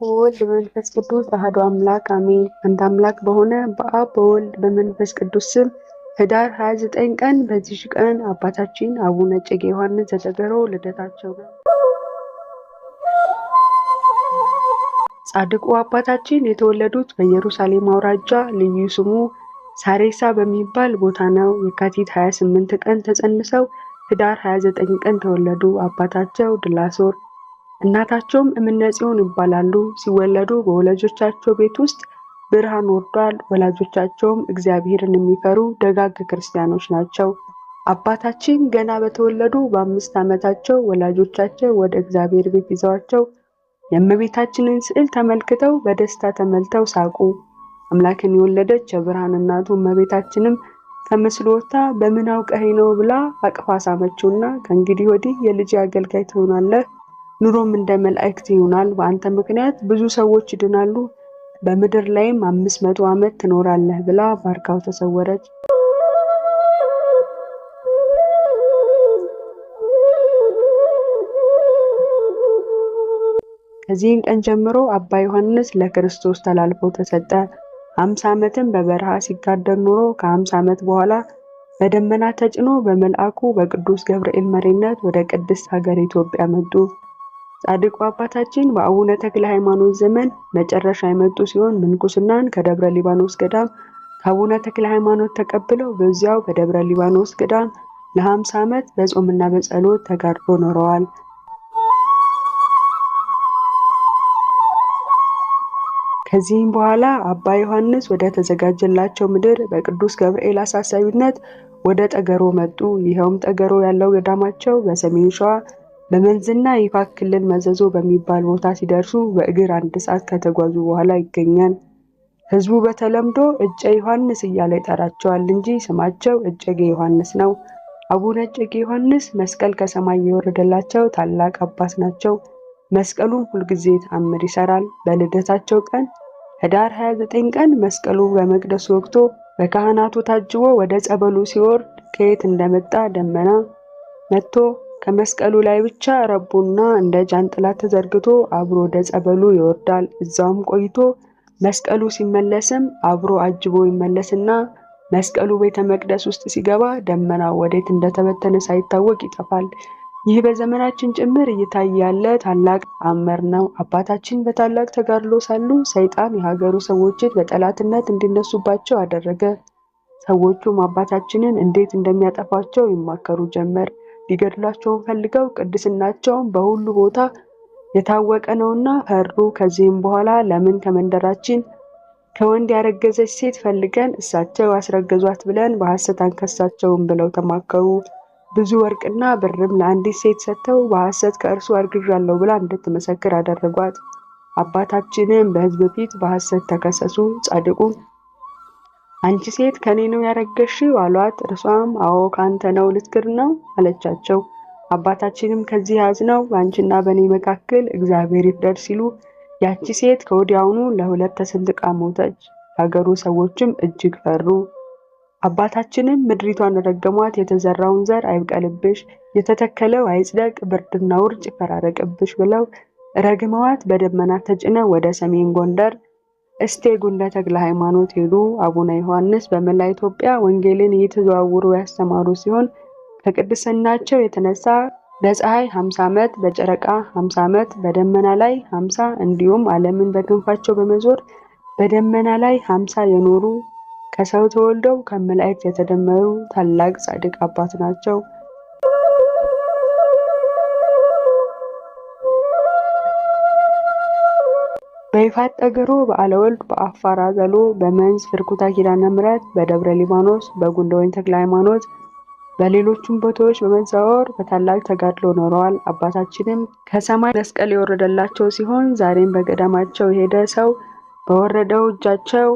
ወልድ በመንፈስ ቅዱስ አህዶ አምላክ አሜን። አንድ አምላክ በሆነ በአብ በወልድ በመንፈስ ቅዱስ ስም ህዳር 29 ቀን በዚህ ቀን አባታችን አቡነ እጨጌ ዮሐንስ ዘደገሮ ልደታቸው ነው። ጻድቁ አባታችን የተወለዱት በኢየሩሳሌም አውራጃ ልዩ ስሙ ሳሬሳ በሚባል ቦታ ነው። የካቲት 28 ቀን ተጸንሰው ህዳር 29 ቀን ተወለዱ። አባታቸው ድላሶር እናታቸውም እምነጽዮን ይባላሉ። ሲወለዱ በወላጆቻቸው ቤት ውስጥ ብርሃን ወርዷል። ወላጆቻቸውም እግዚአብሔርን የሚፈሩ ደጋግ ክርስቲያኖች ናቸው። አባታችን ገና በተወለዱ በአምስት ዓመታቸው ወላጆቻቸው ወደ እግዚአብሔር ቤት ይዘዋቸው የእመቤታችንን ስዕል ተመልክተው በደስታ ተመልተው ሳቁ። አምላክን የወለደች የብርሃን እናቱ እመቤታችንም ተመስሎ ወጥታ በምን አውቀኸኝ ነው ብላ አቅፋ ሳመችውና ከእንግዲህ ወዲህ የልጅ አገልጋይ ትሆናለህ ኑሮም እንደ መላእክት ይሆናል። በአንተ ምክንያት ብዙ ሰዎች ይድናሉ፣ በምድር ላይም አምስት መቶ ዓመት ትኖራለህ ብላ ባርካው ተሰወረች። ከዚህም ቀን ጀምሮ አባ ዮሐንስ ለክርስቶስ ተላልፎ ተሰጠ። ሀምሳ ዓመትም በበረሃ ሲጋደል ኑሮ ከሀምሳ ዓመት በኋላ በደመና ተጭኖ በመልአኩ በቅዱስ ገብርኤል መሪነት ወደ ቅድስት ሀገር ኢትዮጵያ መጡ። ጻድቁ አባታችን በአቡነ ተክለ ሃይማኖት ዘመን መጨረሻ የመጡ ሲሆን ምንኩስናን ከደብረ ሊባኖስ ገዳም ከአቡነ ተክለ ሃይማኖት ተቀብለው በዚያው በደብረ ሊባኖስ ገዳም ለ50 ዓመት በጾምና በጸሎት ተጋድሎ ኖረዋል። ከዚህም በኋላ አባ ዮሐንስ ወደ ተዘጋጀላቸው ምድር በቅዱስ ገብርኤል አሳሳቢነት ወደ ጠገሮ መጡ። ይኸውም ጠገሮ ያለው ገዳማቸው በሰሜን ሸዋ በመንዝና ይፋ ክልል መዘዞ በሚባል ቦታ ሲደርሱ በእግር አንድ ሰዓት ከተጓዙ በኋላ ይገኛል። ህዝቡ በተለምዶ እጨ ዮሐንስ እያለ ይጠራቸዋል እንጂ ስማቸው እጨጌ ዮሐንስ ነው። አቡነ እጨጌ ዮሐንስ መስቀል ከሰማይ የወረደላቸው ታላቅ አባት ናቸው። መስቀሉም ሁልጊዜ ተአምር ይሰራል። በልደታቸው ቀን ህዳር 29 ቀን መስቀሉ በመቅደሱ ወቅቶ በካህናቱ ታጅቦ ወደ ጸበሉ ሲወርድ ከየት እንደመጣ ደመና መጥቶ ከመስቀሉ ላይ ብቻ ረቡና እንደ ጃንጥላ ተዘርግቶ አብሮ ወደ ጸበሉ ይወርዳል። እዛውም ቆይቶ መስቀሉ ሲመለስም አብሮ አጅቦ ይመለስና መስቀሉ ቤተ መቅደስ ውስጥ ሲገባ ደመናው ወዴት እንደተበተነ ሳይታወቅ ይጠፋል። ይህ በዘመናችን ጭምር እየታየ ያለ ታላቅ ተአምር ነው። አባታችን በታላቅ ተጋድሎ ሳሉ ሰይጣን የሀገሩ ሰዎችን በጠላትነት እንዲነሱባቸው አደረገ። ሰዎቹም አባታችንን እንዴት እንደሚያጠፋቸው ይማከሩ ጀመር። ሊገድሏቸውም ፈልገው ቅድስናቸውን በሁሉ ቦታ የታወቀ ነውና ፈሩ። ከዚህም በኋላ ለምን ከመንደራችን ከወንድ ያረገዘች ሴት ፈልገን እሳቸው አስረገዟት ብለን በሐሰት አንከሳቸውም ብለው ተማከሩ። ብዙ ወርቅና ብርም ለአንዲት ሴት ሰጥተው በሐሰት ከእርሱ አርግዣለሁ ብላ እንድትመሰክር አደረጓት። አባታችንም በሕዝብ ፊት በሐሰት ተከሰሱ። ጻድቁም አንቺ ሴት ከኔ ነው ያረገሽው አሏት። እርሷም አዎ ካንተ ነው ልትክር ነው አለቻቸው። አባታችንም ከዚህ ነው። በአንቺና በእኔ መካከል እግዚአብሔር ይፍረድ ሲሉ ያቺ ሴት ከወዲያውኑ ለሁለት ተሰንጥቃ ሞተች። የሀገሩ ሰዎችም እጅግ ፈሩ። አባታችንም ምድሪቷን ረገሟት። የተዘራውን ዘር አይብቀልብሽ፣ የተተከለው አይጽደቅ፣ ብርድና ውርጭ ይፈራረቅብሽ ብለው ረግመዋት በደመና ተጭነው ወደ ሰሜን ጎንደር እስቴ ጉንደ ተክለ ሃይማኖት ሄዱ። አቡነ ዮሐንስ በመላ ኢትዮጵያ ወንጌልን እየተዘዋወሩ ያስተማሩ ሲሆን ከቅድስናቸው የተነሳ በፀሐይ 50 ዓመት፣ በጨረቃ 50 ዓመት፣ በደመና ላይ 50 እንዲሁም ዓለምን በክንፋቸው በመዞር በደመና ላይ 50 የኖሩ ከሰው ተወልደው ከመላእክት የተደመሩ ታላቅ ጻድቅ አባት ናቸው። በይፋት ጠገሮ፣ በአለወልድ፣ በአፋር አዘሎ፣ በመንዝ ፍርኩታ ኪዳነ ምሕረት፣ በደብረ ሊባኖስ፣ በጉንደወይን ተክለ ሃይማኖት፣ በሌሎቹም ቦታዎች በመዛወር በታላቅ ተጋድሎ ኖረዋል። አባታችንም ከሰማይ መስቀል የወረደላቸው ሲሆን ዛሬም በገዳማቸው የሄደ ሰው በወረደው እጃቸው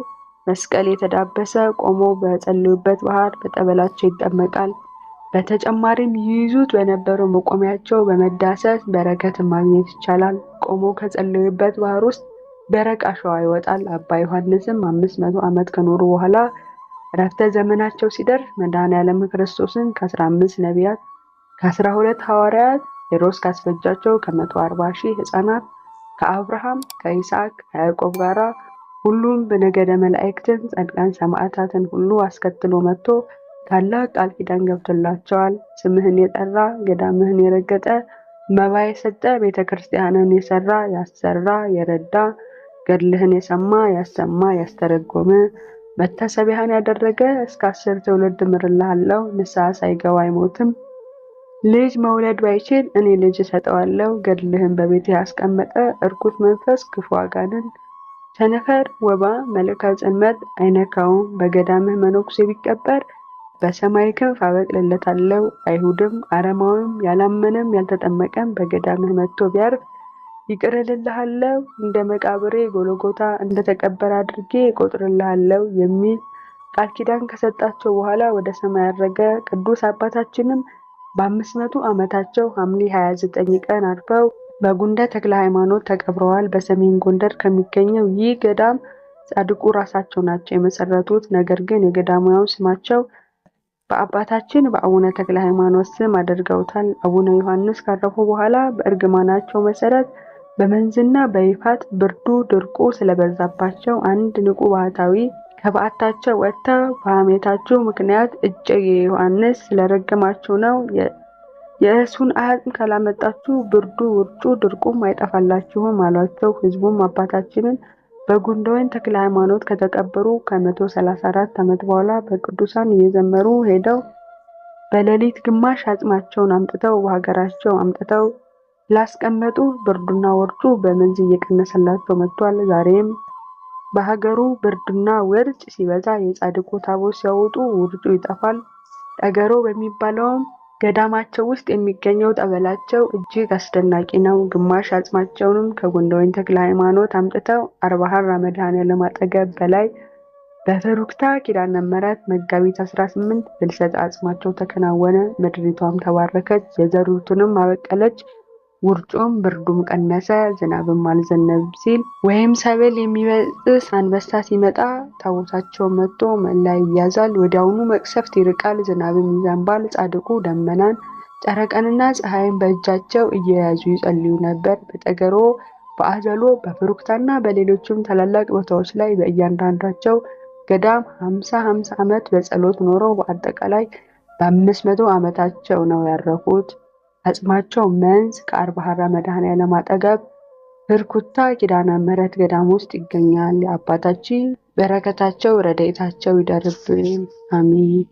መስቀል የተዳበሰ ቆሞ በጸለዩበት ባህር በጠበላቸው ይጠመቃል። በተጨማሪም ይይዙት በነበረው መቆሚያቸው በመዳሰስ በረከት ማግኘት ይቻላል። ቆሞ ከጸለዩበት ባህር ውስጥ ደረቅ አሸዋ ይወጣል። አባ ዮሐንስም አምስት መቶ ዓመት ከኖሩ በኋላ ረፍተ ዘመናቸው ሲደርስ መድኃኔዓለም ክርስቶስን ከ15 ነቢያት ከ12 ሐዋርያት ሄሮድስ ካስፈጃቸው ከ140 ሺህ ሕፃናት ከአብርሃም ከይስሐቅ ከያዕቆብ ጋር ሁሉም በነገደ መላእክትን ጸድቃን ሰማዕታትን ሁሉ አስከትሎ መጥቶ ታላቅ ቃል ኪዳን ገብቶላቸዋል። ስምህን የጠራ ገዳምህን የረገጠ መባ የሰጠ ቤተ ክርስቲያንን የሰራ ያሰራ የረዳ ገድልህን የሰማ ያሰማ ያስተረጎመ መታሰቢያህን ያደረገ እስከ አስር ትውልድ ምርልሃለው። ንስሐ ሳይገባ አይሞትም። ልጅ መውለድ ባይችል እኔ ልጅ እሰጠዋለሁ። ገድልህን በቤት ያስቀመጠ እርኩት መንፈስ፣ ክፉ አጋንን፣ ቸነፈር፣ ወባ፣ መልአከ ጽንመት አይነካውም። በገዳምህ መነኩሴ ቢቀበር በሰማይ ክንፍ አበቅልለታለው። አይሁድም አረማዊም ያላመነም ያልተጠመቀም በገዳምህ መጥቶ ቢያርፍ ይቅር እልልሃለሁ እንደ መቃብሬ ጎልጎታ እንደተቀበረ አድርጌ እቆጥርልሃለሁ የሚል ቃል ኪዳን ከሰጣቸው በኋላ ወደ ሰማይ ያረገ ቅዱስ አባታችንም በአምስት መቶ ዓመታቸው ሐምሌ 29 ቀን አርፈው በጉንደ ተክለ ሃይማኖት ተቀብረዋል። በሰሜን ጎንደር ከሚገኘው ይህ ገዳም ጻድቁ ራሳቸው ናቸው የመሰረቱት። ነገር ግን የገዳማውያን ስማቸው በአባታችን በአቡነ ተክለ ሃይማኖት ስም አድርገውታል። አቡነ ዮሐንስ ካረፉ በኋላ በእርግማናቸው መሰረት በመንዝና በይፋት ብርዱ ድርቁ ስለበዛባቸው አንድ ንቁ ባህታዊ ከበዓታቸው ወጥተው በሐሜታችሁ ምክንያት እጨጌ ዮሐንስ ስለረገማችሁ ነው የእሱን አጽም ካላመጣችሁ ብርዱ ውርጩ ድርቁም አይጠፋላችሁም አሏቸው። ህዝቡም አባታችንን በጉንደወይን ተክለ ሃይማኖት ከተቀበሩ ከ134 ዓመት በኋላ በቅዱሳን እየዘመሩ ሄደው በሌሊት ግማሽ አጽማቸውን አምጥተው በሀገራቸው አምጥተው ላስቀመጡ ብርዱና ወርጩ በመንዝ እየቀነሰላቸው መጥቷል። ዛሬም በሀገሩ ብርድና ወርጭ ሲበዛ የጻድቁ ታቦት ሲያወጡ ውርጩ ይጠፋል። ጠገሮ በሚባለውም ገዳማቸው ውስጥ የሚገኘው ጠበላቸው እጅግ አስደናቂ ነው። ግማሽ አጽማቸውንም ከጎንደወይን ተክለ ሃይማኖት አምጥተው አርባ ሀራ መድኃኔዓለም አጠገብ በላይ በፈሩክታ ኪዳነ ምሕረት መጋቢት 18 ፍልሰት አጽማቸው ተከናወነ። ምድሪቷም ተባረከች፣ የዘሩትንም አበቀለች። ውርጩም ብርዱም ቀነሰ፣ ዝናብም አልዘነበም ሲል ወይም ሰብል የሚበጥስ አንበሳ ሲመጣ ታቦታቸው መጥቶ መላ ይያዛል፣ ወዲያውኑ መቅሰፍት ይርቃል፣ ዝናብም ይዘንባል። ጻድቁ ደመናን ጨረቀንና ፀሐይን በእጃቸው እየያዙ ይጸልዩ ነበር። በጠገሮ በአዘሎ በፍሩክታና በሌሎችም ታላላቅ ቦታዎች ላይ በእያንዳንዳቸው ገዳም ሀምሳ ሀምሳ ዓመት በጸሎት ኖረው በአጠቃላይ በአምስት መቶ ዓመታቸው ነው ያረፉት። አጽማቸው መንዝ ከአርባሃራ መድኃኔዓለም አጠገብ ህርኩታ ኪዳነ ምሕረት ገዳም ውስጥ ይገኛል። የአባታችን በረከታቸው ረድኤታቸው ይደርብን አሚን።